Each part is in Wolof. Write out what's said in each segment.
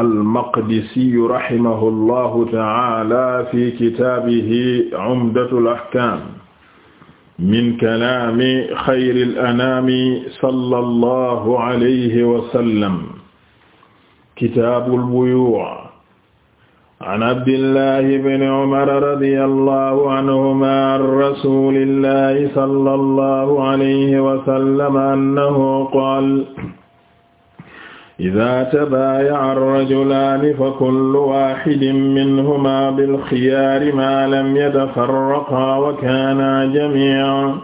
almaqdisiyu rahimahu llahu taala fi kitaabihi cumdatul axkaam min kalaami xayril anaami sallallahu alayhi wa sallam kitaabul buyuu' an abdillahi bni umara radiyallahu anhumaa an rasuulillahi sallallahu alayhi wa sallam annahu qaala ida tabaaya arrajulaani fa kullu waaxidin minhuma bilxiyaari maa lam yatafarraqaa wa kaanaa jamiican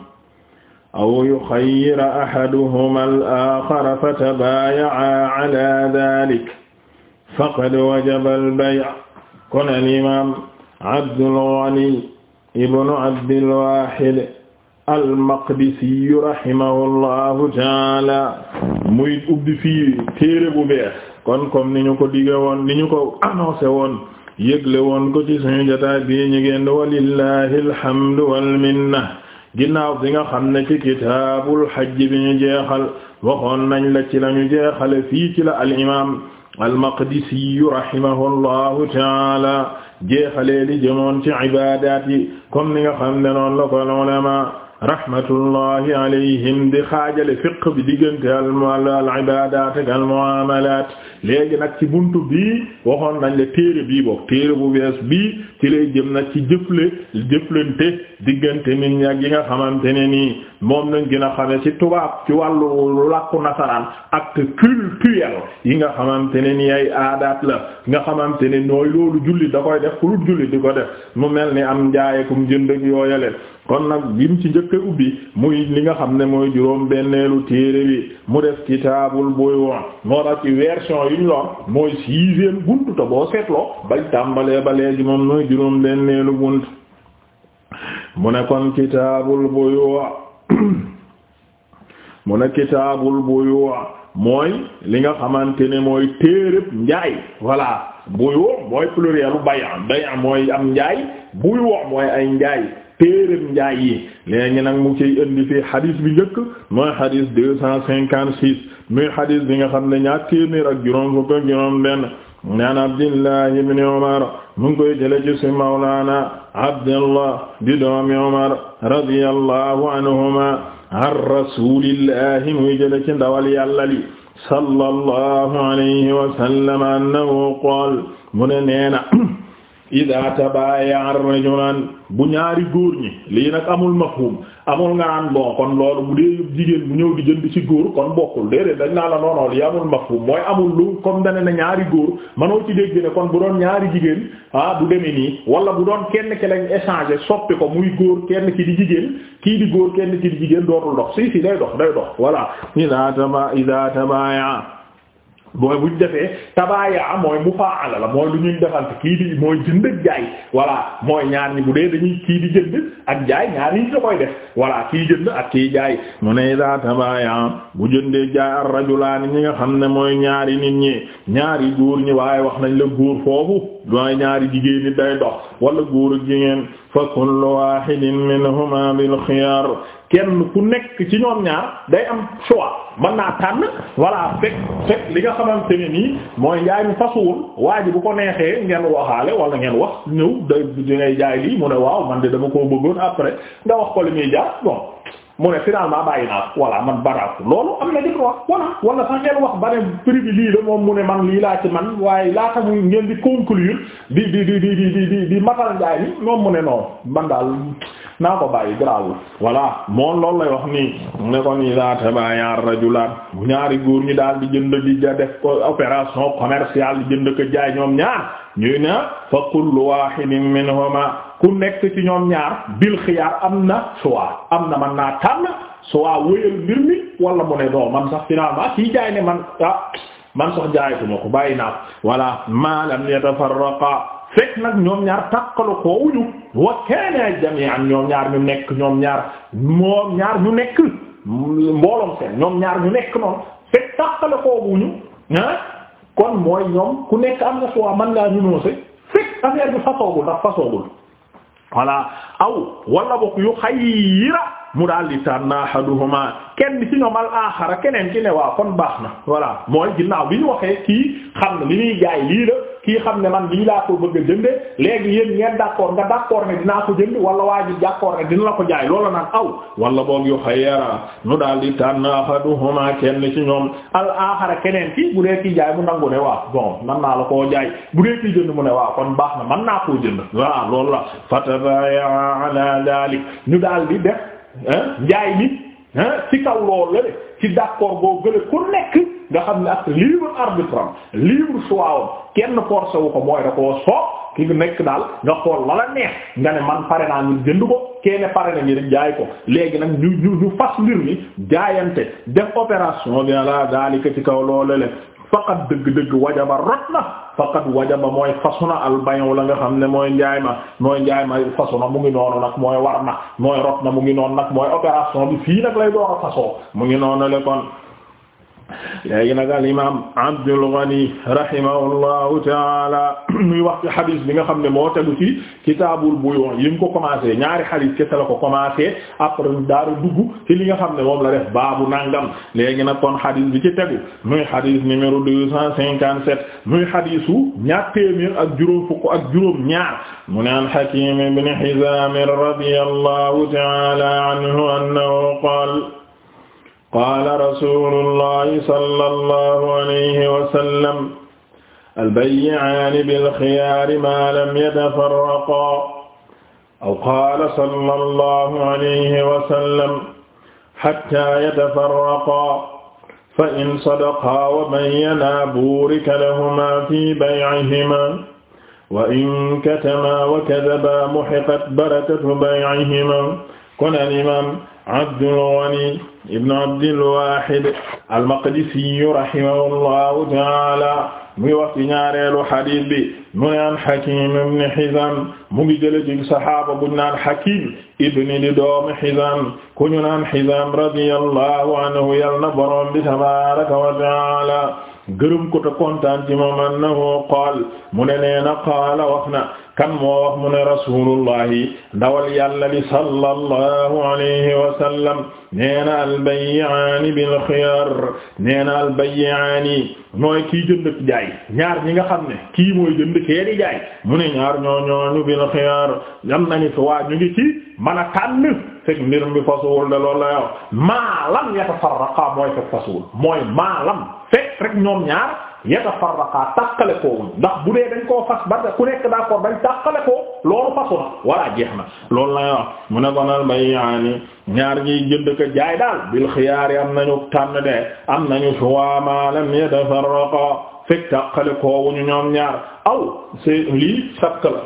aw yuxayyira axaduhuma al-aaxara fa tabaayacaa calaa daalik faqad wajaba al-bayc kon al-imaam Abdul Ghani ibnu Abdil Waahid al-Maqdissî rahimahullahu taala muy ubbi fii téere bu bees kon comme ni ñu ko dige woon ni ñu ko annoncé woon yëgle woon ko ci suñu jotaay bii ñu génn walillahi alhamdu wal minna ginnaaw bi nga xam ne ci kitaabul hajj bi ñu jeexal waxoon nañ la ci la ñu jeexale fii ci la al-imaam al-Maqdissî rahimahullahu taala jeexalee li jëmoon ci ibaadaat yi ni nga xam ne noonu la ko ulama rahmatullahi alayhim di xaajale fiq bi diggante al ibadat ak al muamalat léegi nag ci buntu bii waxoon nañ le téere bii boog téere bu bees bii ci lay jëm nag ci jëfle jëflante diggante nit ñi yi nga xamante ne nii moom nañ gën a xame ci tubaab ci wàllu làkku nasaraan acte culturel yi nga xamante ne ni ay aadaat la nga xamante ne nooy loolu julli da koy def ku lut julli di ko def mu mel ni am njaayekum jënd ak yooyale kon nag bi ci njëkk a ubbi muy li nga xam ne mooy juróom benneelu téere bi mu def kitaabul buyu moo tax ci version yi ñu loon mooy sixième buntu te boo seetloo bañ tàmbalee ba léegi moom mooy juróom benneelu bunt mu ne kon kitaabul buyu mu ne kitaabul buyu mooy li nga xamante ne mooy téereb njaay voilà buyu mooy plurielu bayan bayan mooy am njaay buyu mooy ay njaay téeréem njaay yi léegi nag mu ciy indi fii xadis bi njëkk mooy xadis deux cent cinquante six muy xadis bi nga xam ne ñaar téeméer ak juróom fukk ak juróom benn naan Abdullah ibn Umar mu ngi koy jële ci si mawlaana Abdullah di doomi Umar radiyallahu anhuma an rasulillahi muy jële ci ndawal yàlla li sallallahu alayhi wa sallam annahu qaal mu ne neena ida tabaya rajulan bu ñaari góor ñi lii nag amul mafhum amul nga naan bon kon loolu bu dee jigéen bu ñëw di jënd ci góor kon bokkul déedéet dañ naa la noonool yi amul mafhum mooy amul lu comme dane na ñaari góor manoo ci dégg ne kon bu doon ñaari jigéen ah bu deme nii wala bu doon kenn ki lañ échangé soppi ko muy góor kenn ki di jigéen kii di góor kenn ki di jigéen dootul dox si si day dox day dox voilà ida taba ida tabaya mooy bu defee tabaaya mooy mu faa ala la mooy lu ñuy defante kii di mooy jënd ak jaay voilà mooy ñaar ñi bu dee dañuy kii di jënd ak jaay ñaari yi la koy def voilà kii jënd ak kii jaay mu ne daa tabaaya bu jëndee jaay ar rajulaani ñi nga xam ne mooy ñaari nit ñi ñaari góor ñi waaye wax nañ la góor foofu waaye ñaari jigéen ñi day dox wala góor ak jigéen fa kullu wahidin minhuma bil xiyar kenn ku nekk ci ñoom ñaar day am choix mën naa tànn voilà fekk li nga xamante ne nii mooy njaay mi waa ji bu ko neexee ngeen waxaale wala ngeen wax ñëw day di ngay jaay lii mu ne waaw man de dama koo bëggoon kon après nga wax ko li muy jaar bon mu ne finalement bàyyi naa voilà man baraatu loolu am na jëkk wax voilà wala sax ngeen wax ba ne prix bi la moom mu ne man lii laa ci man waaye laata muy ngeen di conclure di di di di di di di matal njaay mi moom mu ne noonu man daal naa ko bàyyi garaawul voilà moom loolu lay wax nii ne kon iza tabaaya rajulan bu ñaari góor ñu daal di jënd di ja def ko opération commerciale di jënd ko jaay ñoom ñaar ñuy na fa kullu wahidin minhuma ku nekk ci ñoom ñaar bil xiyaar am na choix am na man naa tànn soit wéyal mbir mi wala mu ne doo man sax finalement kii jaay ne man ah, man sax jaayatuma ko bàyyi naa ko voilà ma lam yatafarraqa fekk nag ñoom ñaar takkalu koo wuñu wa kaana jami'an ñoom ñaar ñu nekk ñoom ñaar moom ñaar ñu nekk mbooloom seen ñoom ñaar ñu nekk noonu fekk takkalu koo ah, kon mooy ñoom ku nekk am na soit man ngaa ñu noose fekk affaire bi fasoogul ndax fasoogul voilà aw wala bokk yu xayira mu daal di tànn ahaduhuma kenn ci ñoom al axara keneen ci ne waa kon baax na voilà mooy ginnaaw bi ñu waxee kii xam na li ñuy jaay lii la. kii xam ne man lii laa ko bëgg a jënde léegi yéen ngeen d'accord nga d'accord ne dinaa ko jënd wala waa ji d'accord ne dina la ko jaay loola naan aw wala boog yu xayara nu daal di tànn ahaduhuma kenn ci ñoom al axara keneen ki bu dee kii jaay mu nangu ne waaw man naa la koo jaay bu dee kii jënd mu ne waa kon baax na man naa koo jënd waaw loolu la fatabaya ala dalik ñu daal di def njaay mi ci kaw loolu la de ci d'accord boo gële ku nekk nga xam ne ak libre arbitre am libre choix kenn forcé wu ko mooy da koo soob ki nekk daal nga xool la la neex nga ne man pare naa ngir jënd ko kenn pare na ngir jaay ko léegi nag ñu ñu ñu fas mbir mi jaayante def opération bi ala daalika ci kaw loole le faqat dëgg-dëgg wajaba rot na faqat wajaba mooy fasuna albayon la nga xam ne mooy njaay ma mooy njaay ma fasuna mu ngi noonu nag mooy war na mooy rot na mu ngi noonu nag mooy opération bi a mu ngi noonu léegi nag al imaam Abdul Ghani rahimahullahu taala muy wax ci xadis bi nga xam ne moo tegu ci kitaabul buyu' yi ko commencé ñaari xadis kese ko commencé après daara dugg li nga xam ne moom la def baabu nangam léegi nag kon xadis bi ci tegu muy xadis numéro deux cent cinquante sept muy xadisu ñaar téeméer ak juróom ak juróom ñaar mu ne an Hakim ibn Hizam radiyallahu taala anhu annahu qaala qaala rasuulullahi sallallahu alayhi wa sallam albayyi'aani bilxiyaari maa lam yatafarraqaa aw qaala sallallahu alayhi wa sallam hattaa yatafarraqaa fa in sadaqaa wa bayyanaa buurika lahumaa fii bay'ihimaa wa in katamaa wa kadabaa muhiqat barakatu bay'ihimaa kon al imaam Abdul Ghani ibn Abdil Wahid al-Maqdisi rahimahullahu ta'ala muy wax ci ñaareelu xadiis bi mu naan Hakim ibn Hizam mu ngi jële ci saxaaba bu ñu naan Hakim ibn di doomu Hizam ku ñu naan Hizam radiyallahu anhu yal na borom bi tabaaraka wa ta'ala gërëm ko te kontaan ci moom annahu qaal mu ne nee na qaala wax na kan moo wax mu ne rasulullahi ndawal yàlla li sallallahu alayhi wa sallam nee na albayyi'aani bil xiyaar nee na kii jënd jaay ñaar ñi nga xam ne kii mooy jënd kee jaay mu ne ñaar ñoo ñooñu bil xiyaar yam nañu fi waa ñu ngi ci mën a tànn fekk mbir mi fasuwul de loolu la maalam yatafarraqa mooy fekk fasuwul mooy maalam rek ñoom ñaar yatafarraqa tàqale koo ndax bu dee dañ koo fas ba ku nekk d'accord dañ tàqale koo loolu fasu na walla jeex na loolu mu ne kon al bayyaani ñaar ñiy jënd ko jaay daal bil xiyaari am nañu tànn de am nañu choix ma lam yatafarraqa fekk tàqale koo ñoom ñaar aw c'est lii sakk la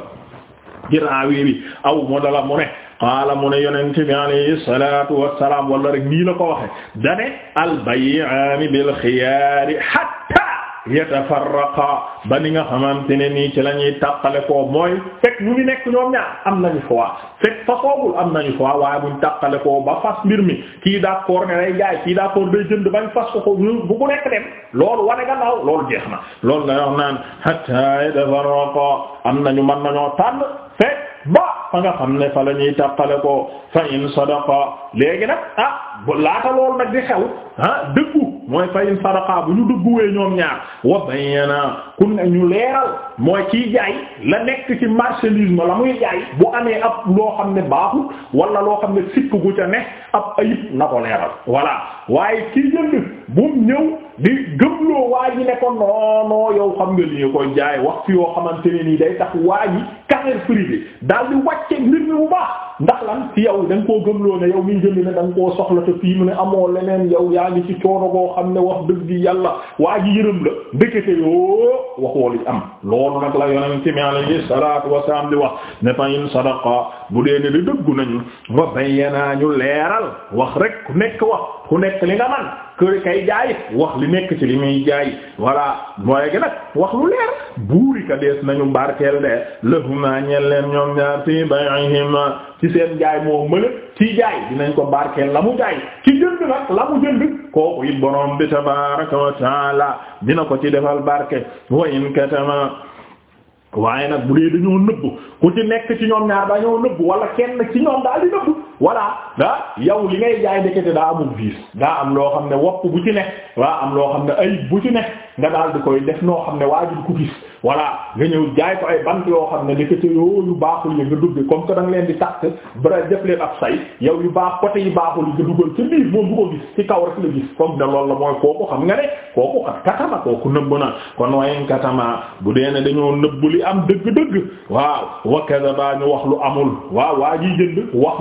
aw mu mu ne qaala mu ne yonent bi alayhi salaatu wassalaam wala la ko waxe dane albayiaani bilxiyaari hatta yatafarraqa ba ni nga xamante ne nii ci la ñuy tàqale koo mooy fekk ñu ngi nekk ñoom ñaar am nañu fois fekk fasoogul am nañu fois waaye buñ tàqale koo ba fas mbir mi kii d'accord ne day jaay kii d'accord day jënd bañ fas ko bu ku nekk dem loolu wane gannaaw loolu jeex na loolu la wax naan hatta yatafarraqa am nañu mën nañoo tànn fekk ba fa nga xam ne fa la ñuy tàqale ko fa in sadaqa léegi nag ah laata lool nag di xew ah dëggu mooy fa in sadaqa bu ñu dëgguwee ñoom ñaar wa bayyana ku ne ñu leeral mooy kiy jaay la nekk ci marchandise ma la muy jaay bu amee ab loo xam ne baaxul wala loo xam ne sikk gu ca ne ab ayib na ko leeral voilà waaye ki jënd bu ñëw di gëmloo waa ji ne ko non non yow xam nga li ñu koy jaay wax fi yoo xamante ne nii day tax waa ji carrière privée daal di wàcce mbir mi bu baax ndax la yow da nga koo gëmloo ne yow miy jënd ne nga koo soxla te fii mu ne amoo leneen yow yaa ngi ci coono goo xam ne wax dëgg yàlla waa ji yërëm la ndekete yoo waxoo li am loolu nag la yonent mi alayhi salaatu wa salaam di wax ne fa in sadaqa bu dee ne di dëggu nañu wa a ñu leeral wax rek ku nekk wax ku nekk li nga man kër kay jaay wax li nekk ci li muy jaay voilà mooy gi nag wax lu leer buuri ka dees nañu barkeel de lahuma ñeel leen ñoom ñaar fii bay'ihima ci seen jaay moo mëla ci jaay dinañ ko barkeel la mu jaay ci jënd nag la mu jënd kooku it borom bi tabaraka wa taala dina ko ci defal barke wa katama waaye nag bu dee dañoo nëbb ku ci nekk ci ñoom ñaar dañoo nëbb wala kenn ci ñoom daal di nëbb voilà ah yow li ngay jaay ndekete daa amul vice daa am loo xam ne wopp bu ci ne waa am loo xam ne ay bu ci ne nga daal di koy def noo xam ne waajul ku gis voilà nga ñëw jaay ko ay bant yoo xam ne ndekete yoo yu baaxul yi nga dugg comme que da leen di takk yow yu baax côté yu baaxul yi nga dugal ci biir moom bu ko gis ci kaw rek la gis comme ne loolu la mooy ko xam nga ne kooku kat katama kooku nëbb na ko wayen katama bu dee ne dañoo nëbb li am dëgg-dëgg waaw wakada baa ñu wax lu amul waaw waa ji jënd wax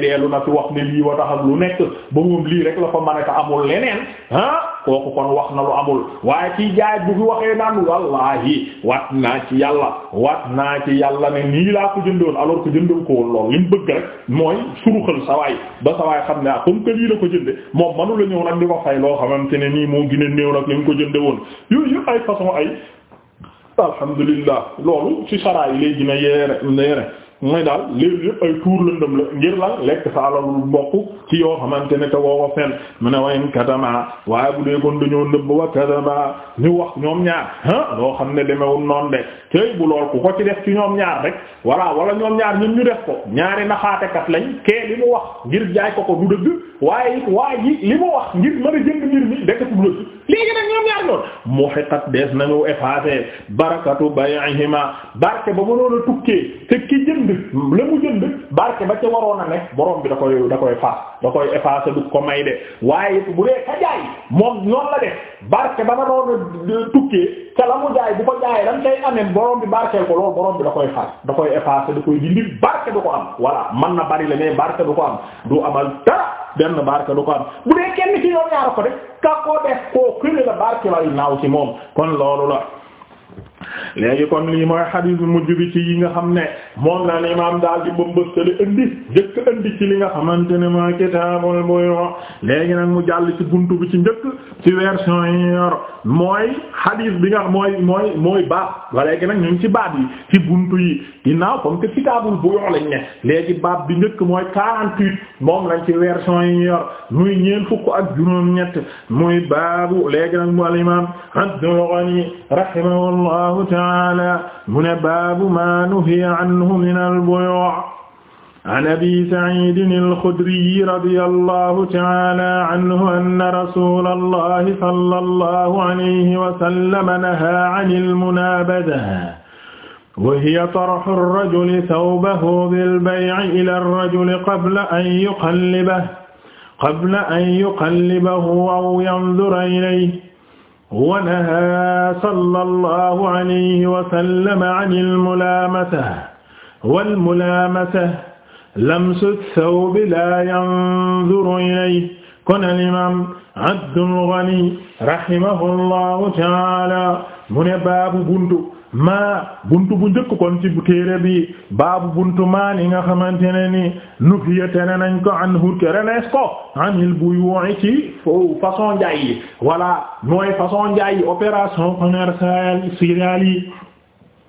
deelu na fi wax ne lii wa taxal lu nekk ba moom lii rek la fa mën a amul leneen ah kooku kon wax na lu amul waaye ci jaay bu fi waxee naan wallaahi wat naa ci yàlla wat naa ci yàlla ne nii laa ko jëndoon alors que jëndoon ko woon lool li mu bëgg rek mooy suruxal sawaay ba sawaay xam ne ah comme que lii la ko jënde moom manu la ñëw nag di ko fay loo xamante ne nii moo gën a néew nag li ko jënde woon yooyu yëpp ay façon ay alhamdulillah loolu ci saraa mooy daal léegi yëpp ay tuur lëndëm lekk sa alalul mbokk ci yoo xamante ne te woo ko fen mu ne wayen katama waaye bu dee kon dañoo nëbb wa katama ñu wax ñoom ñaar ah loo xam ne demewul noonu de tey bu lool ku ko ci def ci ñoom ñaar rek voilà wala ñoom ñaar ñun ñu def ko ñaari naxaatekat lañ kee li mu wax ngir jaay ko ko du dëgg waaye it waa li mu wax ngir mën a jënd mbir mi dekk fu lëgg léegi nag ñoom ñaar lool muhiqat dees nañu effacé barakatu ba mënoon a tukkee te jënd la mu jënd barke ba ca waroon a nekk borom bi da koy da koy faas da koy effacer du ko may de waaye bu dee ka jaay moom noonu la def barke ba ma doon tukkee ca la mu jaay bu ko jaayee lan tay amee borom bi barkeel ko loolu borom bi da koy faas da koy effacer da koy dindi barke du ko am voilà man na bari la mais barke du ko am du amal dara benn barke du ko am bu dee kenn ci yoon ñaar ko def ka ko def koo kële la barke lay naaw ci moom kon loolu la léegi kon lii mooy xadis bi mujj bi ci yi nga xam ne moom la imaam daal di bëmbëstale indi njëkk indi ci li nga xamante ne mooy kitaabul buyu' léegi nag mu jàll ci buntu bi ci njëkk ci version yi yor mooy xadis bi nga mooy mooy mooy baab ba léegi nag ñu ngi ci baab yi ci bunt yi ginnaaw comme que kitaabul buyu' lañ ne léegi baab bi njëkk mooy 48 moom lañ ci version yi yor muy ñeent fukk ak juróom-ñett muy baabu léegi nag mu al imaam Abdul Ghani allahu taala mu ne baabu ma nuhiya anhu min al-buyu' an abi sa'idin al-khudri radiyallahu taala anhu anna rasulallahi sallallahu alayhi wa sallam naha 'anil munabada wa hiya tarhu ar-rajuli thawbahu bil-bay'i ila ar-rajuli qabla an yuqallibahu qabla an yuqallibahu aw yanzura ilayhi wa nahaa sallallahu alayhi wa sallam anil mulaamata wal mulaamata lamsu thawbi laa yanzuru ilayhi kon al imaam Abdul Ghani rahimahullahu ta'aala mu ne baabu buntu maa buntu bu njëkk kon ci téere bi baabu buntu maa ni nga xamante ne ni nuhiya tere nañ ko an hur kerenees ko anil buy wooy ci façon njaay wala voilà mooy façon njaay yi opération commerciale céréales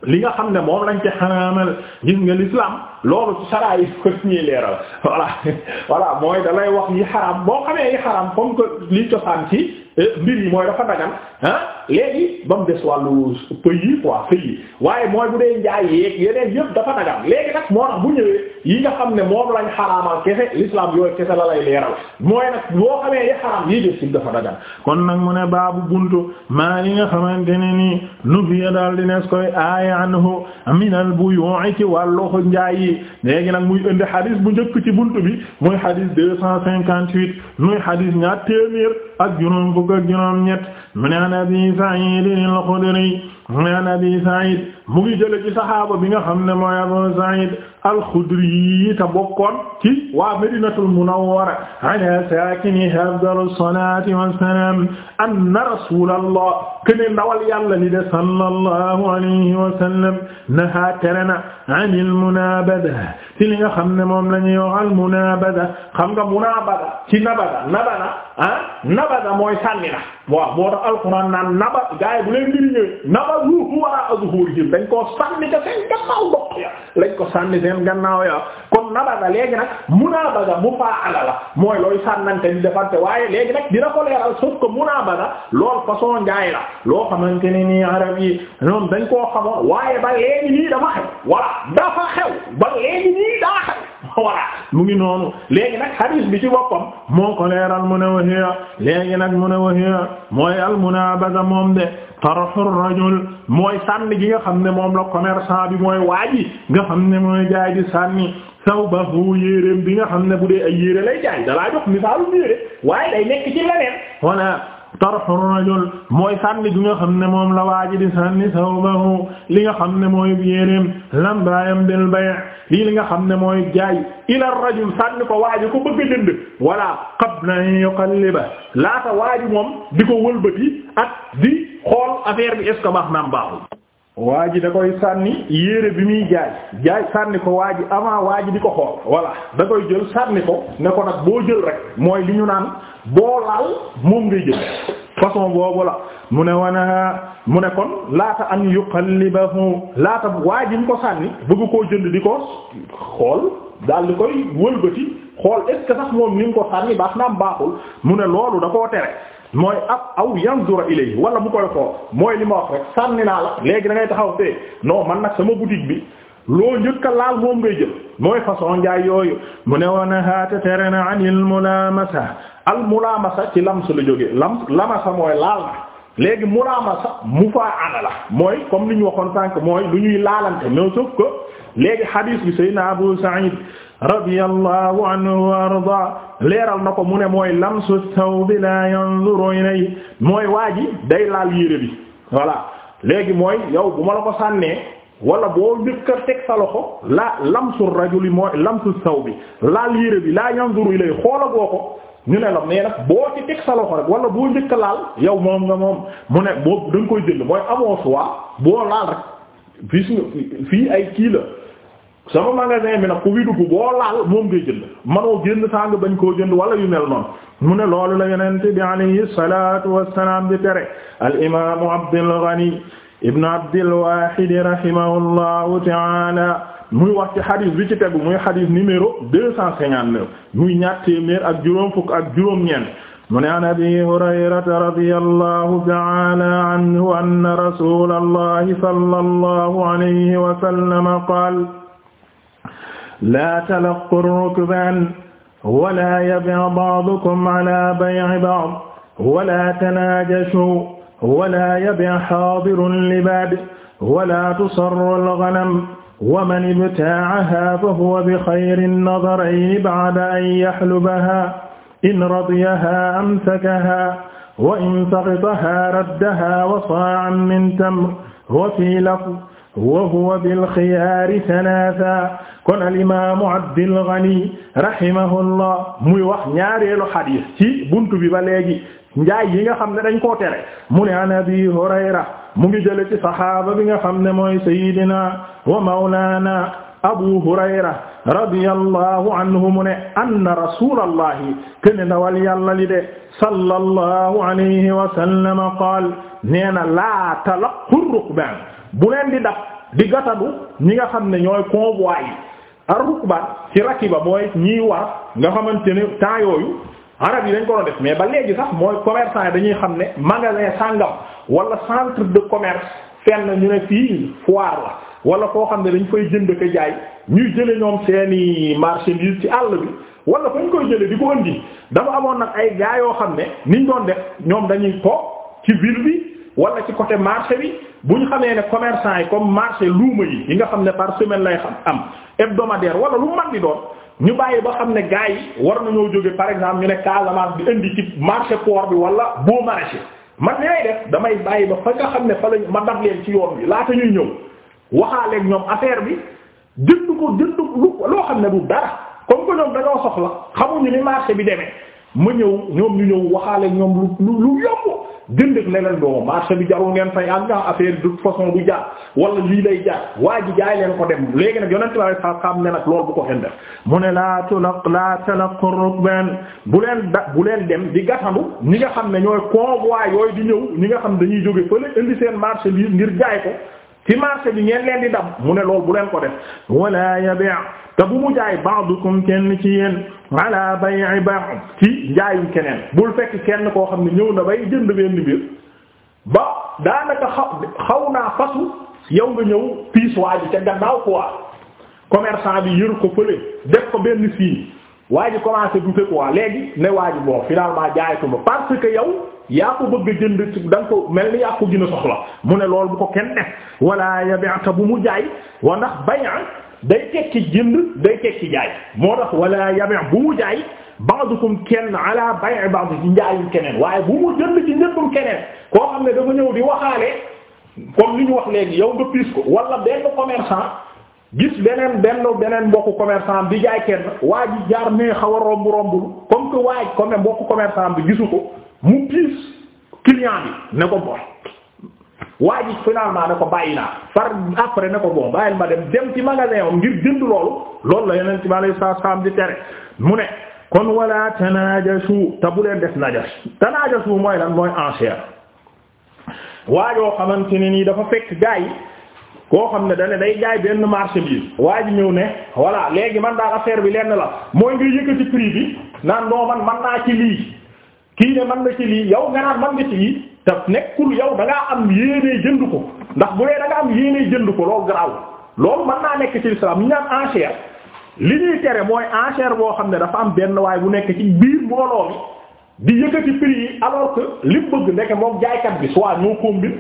li nga xam ne moom lañ ci xaraamal gis nga l'islam loolu ci saraa yi ko ñuy leeral voilà voilà mooy dalay wax yi xaraam boo xamee yi xaraam comme que li cosaan ci Eh, mbir yi mooy dafa dagan ah léegi ba mu des wàllu pëy yi quoi pëy yi waaye mooy bu dee njaay yeeg yeneen yëpp dafa dagan léegi nag moo tax bu ñëwee yi nga xam ne moom lañ xaraamal kese l'islam yooyu kese la lay leeral mooy nag boo xamee yi xaraam yi def dafa dagan kon nag mu ne baabu buntu maa li nga xamante ne nii nufiya daal dines koy aaya anhu minal buyu'i ci wàlloxo njaay yi léegi nag muy indi xadis bu njëkk ci buntu bi muy xadis deux cent cinquante-huit muy xadis ñaar téeméer ak juróom fukk ak juróom ñett mu ne an Abi Sa'id al-Khudri mu ne an Abi Sa'id mu ngi jële ci saxaaba bi nga xam ne mooy alxudri te bokkoon ci waa madinatul munawwara ala saakiniha afdalus salaati wassalaam anna rasuulallah kene ndawal yàlla li de sallallahu alayhi wa sallam naha terena anil munaabada ci li nga xam ne moom la ñuy wax al munaabada xam nga munaabada ci nabada nabada ah nabada mooy sànni na waaw moo tax alxuraan naan naba gars yi bu leen mbiri ñëwee naba zuhu wara azhurihim dañ koo sànni ca seen gannaaw ndox ya lañ ko sànni seen gannaaw ya kon naba ga léegi nag mu mufaala la mooy looy sànnante di defante waaye léegi nag dina ko leeral sauf que munaabaga lool façon njaay la loo xamante ne nii arab yi ñoom dañ koo xamoon waaye ba léegi nii dafa xew voilà dafa xew ba léegi nii daa voilà mu ngi noonu nag hadis bi ci boppam moo ko leeral mu ne wahiya léegi nag mu ne wahiya mooy al munabada moom de tarhu rajul mooy sànni gi nga xam ne moom la commerçant bi mooy waaji nga xam ne mooy jaay di sànni sawbahu yéeréem bi nga xam ne bu dee ay yéere lay jaay dalaa jox misaalu yéere waaye day nekk ci leneen voilà tarhu rajul mooy sànni gi nga xam ne moom la waaji di sànni sawbahu li nga xam ne mooy yéreem lambaayam bil bay' lii li nga xam ne mooy jaay ila rajul sànni ko waaji ko bëgg jënd wala qabla an yuqalliba laata waaji moom di ko wëlbati ak di xool affaire bi est ce que baax waa ji da koy sànni yére bi muy jaay jaay sànni ko waa ji avant waa ji di ko xool voilà da koy jël sànni ko ne ko nag boo jël rek mooy li ñu naan boo laal moom ngay jël façon boobu la mu ne wana mu ne kon laata an mu laata waa ji mu ko sànni bëgg koo jënd di ko xool daal di koy wëlbati xool est ce sax moom ni mu ko sànni baax na baaxul mu ne loolu da koo tere mooy ab aw yanzura ilayhi wala mu koy xool mooy li ma wax rek sànni naa la léegi da ngay taxaw fee non man nag sama boutique bi loo njëkk a laal moom ngay jël mooy façon njaay yooyu mu ne woon a haata tere na anil mulaamasa al mulaamasa ci lamsa la jógee lam lamasa mooy laal na léegi mulaamasa mufaala la mooy comme li ñuy waxoon sànq mooy lu ñuy laalante mais sauf ko léegi hadis bi Seydina Abu Sa'id radiyallahu anhu wa arda leeral na ko mu ne mooy lamsu sawbi la yanzuru ilay mooy waa ji day laal yére bi voilà léegi mooy yow bu ma la ko sànnee wala boo njëkk a teg sa loxo la lamsu rajuli mooy lamsu sawbi laal yére bi la yanzuru ilay xoola boo ko ñu ne la mais boo ci teg sa loxo rek wala boo njëkk laal yow moom nga moom mu ne boobu da nga koy jënd mooy amoo choix boo laal rek fii fii ay kii la. sama magasin bi nag ku fi dugg boo laal moom ngay jënd manoo génn sàng bañ koo jënd wala yu mel noonu mu ne loolu la yonent bi alayhi salatu wassalam bi tere al imaamu Abdul Ghani ibn Abdil Wahid rahimahullahu ta'ala muy wax ci xadis bi ci tegu muy xadis numéro deux cent cinquante-neuf muy ñaar téeméer ak juróom fukk ak juróom ñeent mu ne an abi hurayrata radiyallahu ta'ala anhu anna rasulallahi sallallahu alayhi wa sallam qaala laa talaqqu rukbaan wala yabi'a ba'dukum ala bay'i ba'd wala tanaajashu wala yabi'a haadirun libaad wala tusarru al-ghanam wa man ibtaa'ahaa fahuwa bi xayri an-nadarayni ba'da an yahlubahaa in radiyahaa amsakahaa wa in saqitahaa raddahaa wa saa'an min tamr wa fii lafdin wa huwa bil-xiyaari thalaathatan kon al imaamu Abdul Ghani rahimahullah muy wax ñaareelu xadiis ci buntu bi ba léegi njaay yi nga xam ne dañ koo tere mu an Abi Hurayra mu ngi jële ci saxaaba bi nga xam ne mooy sayidina wa mawlaana Abu Hurayra radiyallahu anhu mu ne anna rasulallahi ken ndawal yàlla li sallallahu alayhi wa qaal nee na laa talaqqu rukbaan bu leen di dab di gatanu ñi nga xam ne ñooy convoi yi ar-rukbaan ci rakiba mooy ñiy war nga xamante ne temps yooyu arab yi dañ ko def mais ba léegi sax mooy commerçant yi dañuy xam ne magasin sàngam wala centre de commerce na ñu ne fii foire la wala koo xam ne dañ fay jënd ko jaay ñuy jële ñoom seeni marchandise ci àll bi wala fañ koy jële di ko indi dafa amoon nag ay gaa yoo xam ne niñ doon def ñoom dañuy toog ci ville bi wala ci côté marché bi bu ñu xamee ne commerçant yi comme marché luuma yi yi nga xam ne par semaine lay xam am hebdomadaire wala lu man di doon ñu bàyyi ba xam ne gars yi war nañoo jóge par exemple ñu ne Casamance bi indi ci marché port bi wala boo marché man li may damay bàyyi ba fa nga xam ne fa lañ ma dab leen ci yoon bi laata ñuy ñëw waxaaleeg ñoom affaire bi jënd ko jënd loo xam ne du dara comme que ñoom dañoo soxla xamuñu ni marché bi demee ma ñëw ñoom ñu ñëw waxaaleeg ñoom lu lu jënd ak leneen doo marché bi jarul ngeen fay am nga affaire de façon bu jaar wala lii lay jaar waa ji jaay leen ko dem léegi nag yonent la sa xam ne nag loolu bu ko xen def mu ne laa tulaq laa talaq rukban bu leen da bu leen dem di gasandu ñi nga xam ne ñooy convoi yooyu di ñëw ñi nga xam dañuy jóge fële indi seen marché bi ngir jaay ko ci marché bi ngeen leen di dam mu ne loolu bu leen ko def wala yabi' te bu mu jaay ba'dukum kenn ci yéen ala bay'i ba'd ci njaayu keneen bul fekk kenn koo xam ne ñëw na bay jënd benn biir ba daanaka xaw xaw naa fasu yow nga ñëw piis waa ji ca gannaaw quoi commerçant bi yër ko fële def ko benn fii waa ji commencé douter quoi léegi ne waa ji bon finalement jaayatuma parce que yow yaa ko bëgg jënd da nga ko mel ni yaa gi gën a soxla mu ne lool bu ko kenn def wala yabi'ta bu mu jaay wa ndax bay'a day tekki jënd day tekki jaay moo tax wala yabi' bu mu jaay ba'dukum kenn ala bay'i ba'd ci njaayum keneen waaye bu mu jënd ci njëndum keneen koo xam ne dafa ñëw di waxaale comme li ñu wax léegi yow nga ko wala benn commerçant gis beneen benn beneen mbokku commerçant bi jaay kenn waa ji jaar ne xaw a romb rombul comme que waaj comme mbokku commerçant bi gisu ko mu piis client bi ne ko bon waa ji finalement ne ko bàyyi naa par après ne ko bon bàyyil ma dem dem ci magasin om ngir jënd loolu loolu la yeneen ci ma lay sa saam di tere mu ne kon wala tanajashu te bu leen def najas tanajashu mooy lan mooy enchère waajoo xamante ne nii dafa fekk gaa yi koo xam ne dane day jaay benn marché bi waa ji ñëw ne voilà léegi man daal affaire bi lenn la mooy nga yëkkati prix bi naan non man man naa ci lii kii ne man na ci lii yow nga naan man nga ci lii te nekkul yow da ngaa am yéenee jënd ko ndax bu dee da nga am yéenee jënd ko loolu garaaw loolu mën naa nekk ci l'islam ñu naan li ñuy tere mooy enchère boo xam ne dafa am benn waay bu nekk ci biir mbooloo mi di yëkkati prix yi alors que li bëgg ndeke moom jaaykat bi soit ñoo combine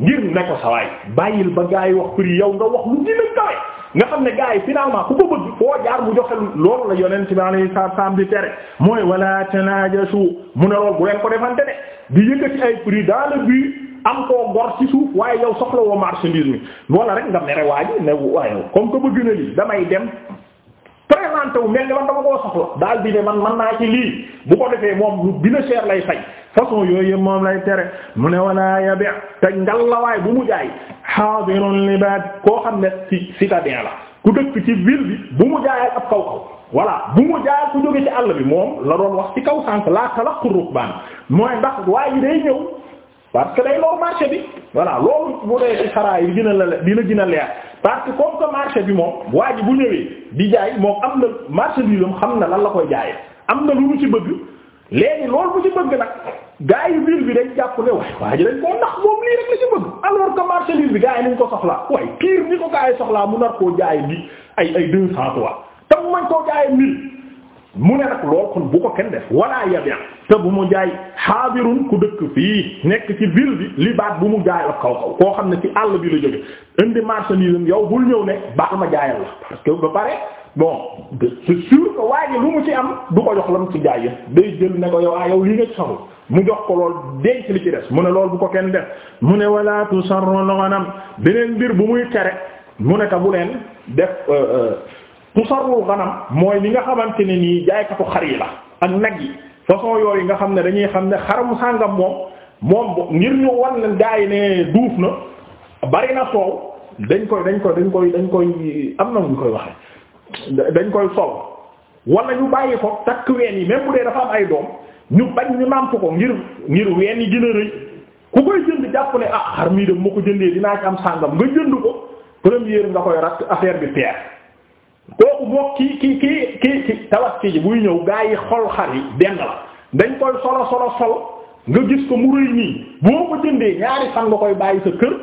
ngir ne ko sawaay bàyyil ba gaa yi wax prix yow nga wax lu dina kawe nga xam ne gaa yi finalement ku ko bëgg foo jaar mu joxe loolu la yonent bi alayhi salaam di tere mooy wala tanajasu mu ne lool bu leen ko defante ne di yëkkati ay prix dans le but am koo gor ci suuf waaye yow soxla woo marchandise mi wala rek nga mere waa ne waaye comme que bëgg na lii damay dem présenté wu mel ni man dama koo soxla daal di ne man naa ci lii bu ko defee lay fay façon yooyu yëpp moom lay tere mu ne wala yabi te ngallawaay bu mu jaay hadirun libad koo xam ne ci citadin la ku dëkk ci ville bi bu mu jaayal ab kaw kaw voilà bu mu jaayal ku jóge ci àll bi moom la doon wax ci kaw sànk la talaqu rukbaan mooy ndax waaye yi day ñëw parce que day loo marché bi voilà loolu bu dee ci xaraa yi dina la dina gën a leer parce que comme que marché bi moom waa bu ñëwee di jaay moom am na marché bi moom xam na lan la koy jaayee am na lu léegi loolu bu ci bëgg nag gaa yi ville bi dañ jàpp ne waaye waa dañ koo ndax moom lii rek la ci bëgg alors que marché bi gaa yi nañ ko soxlaa waaye pire ni ko gaa yi soxlaa mu nar koo jaay bi ay ay deux cent te mu mañ koo jaayee mille mu ne nag lool kon bu ko kenn def walla yabe te bu mu jaay xaabirun ku dëkk fii nekk ci ville bi libaat bu mu jaay ak kaw kaw koo xam ne ci àll bi la jóge indi marché yow bul ñëw ne baax ma jaayal la bon c'est sûr que waa ji lu mu ci am du ko jox la mu ci jaay yëpp day jël ne ko yow ah yow lii nga ci saxul mu jox ko lool denc li ci des mu ne lool bu ko kenn def mu ne wala tusarru al-ghanam beneen mbir bu muy tere mu ne ta bu leen def euh, euh, tusarru al mooy li nga xamante ni nii jaaykatu xar yi la ak nag yi façon yooyu nga xam ne dañuy xam ne xaram sàngam moom moom ngir ñu wan leen gaa ne duuf na bari na soow dañ koy dañ koy dañ koy dañ koy am na ñu koy waxe dañ koy sol wala ñu bàyyi ko takk ween yi même bu dee dafa am ay doom ñu bañ ñu nàmp ko ngir ngir ween yi gën a rëy ku koy jënd jàpp ne ah xar mii de moo ko jëndee dinaa ci am sàngam nga jënd ko première nga koy ratt affaire bi peer kooku moo ki ki ki ki ki tabaski ji buy ñëw gaa yi xol xar yi benn la dañ koy solo solo sol nga gis ko mu rëy nii boo ko jëndee ñaari fan koy bàyyi sa kër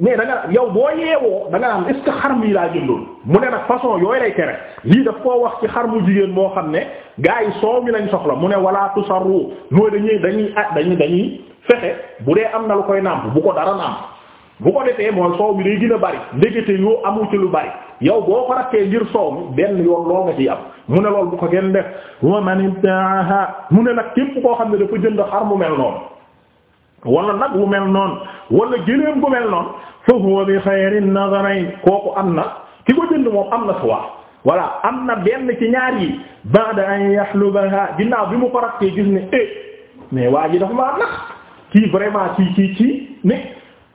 mais da nga yow boo yeewoo da nga naan est que xar mi laa jëndoon mu ne nag façon yooyu lay tere lii daf koo wax ci xar mu jigéen moo xam ne gaa yi soow mi lañ soxla mu ne wala tusarru mooy dañuy dañuy ah dañuy dañuy fexe bu dee am na lu koy nàmp bu ko dara nàmp bu ko defee mooy soow mi gën a bari ndekete yoo amu ci lu yow boo ko rakkee ngir soow mi benn yoon loo nga mu ne loolu ko gën def mu ne nag képp koo xam ne dafa jënd xar mu mel noonu wala nag wu mel noonu wala gëléem gu mel noonu fa huwa bi xayrin nazarayn kooku am na ki ko jënd moom am na suwaa voilà am na benn ci ñaar yi ba'da an yahlubaha ginnaaw bi mu ko rakkee gis ne eh mais waa ji dafa maa nax kii vraiment kii ci ci ne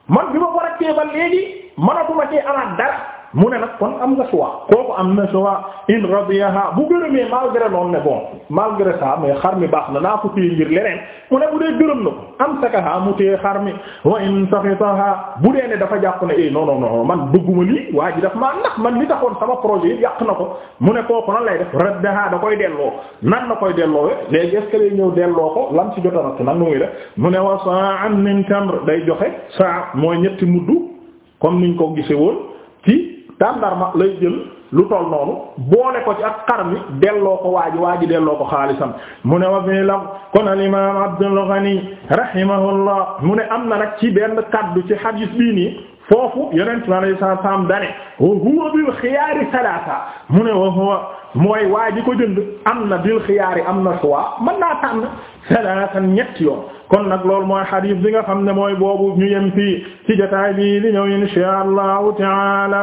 man bi ma ko rakkee ba léegi manatuma ci amaat dara mu ne nag kon am nga choix kooku am na choix in radiyaha bu gërëmee malgré noonu ne bon malgré ça mais xar mi baax na naa ko téye ngir leneen mu ne bu dee gërëm na ko am sakaha mu téye xar bu dee dafa jàpp ne eh non non non man bëgguma waa ji daf maa ndax man li sama projet yi na ko mu ne kooku nan lay def raddaha da koy delloo nan la koy delloo léegi est ce ñëw delloo ko lam ci jota nak nan nu def mu ne wa sa'an min tamr day joxe saa mooy ñetti muddu comme niñ ko gise woon ci tàndarma lay jël lu toll noonu boole ko ci ak xar mi delloo ko waaji waaji delloo ko xaalisam mu ne wa fii la kon al imam Abdul Ghani rahimahullah mu ne am na nag ci benn kaddu ci hadis bii nii foofu yonent bi alayhi salaatu salaam dane wa huwa bil xiyaari salaasa mu ne wa huwa mooy waa ji ko jënd am na bil xiyaari am na choix mën naa tànn salaasa ñetti yoon kon nag loolu mooy xadiis bi nga xam ne mooy boobu ñu yem fii ci li ñëw inshaa Allahu ta'aala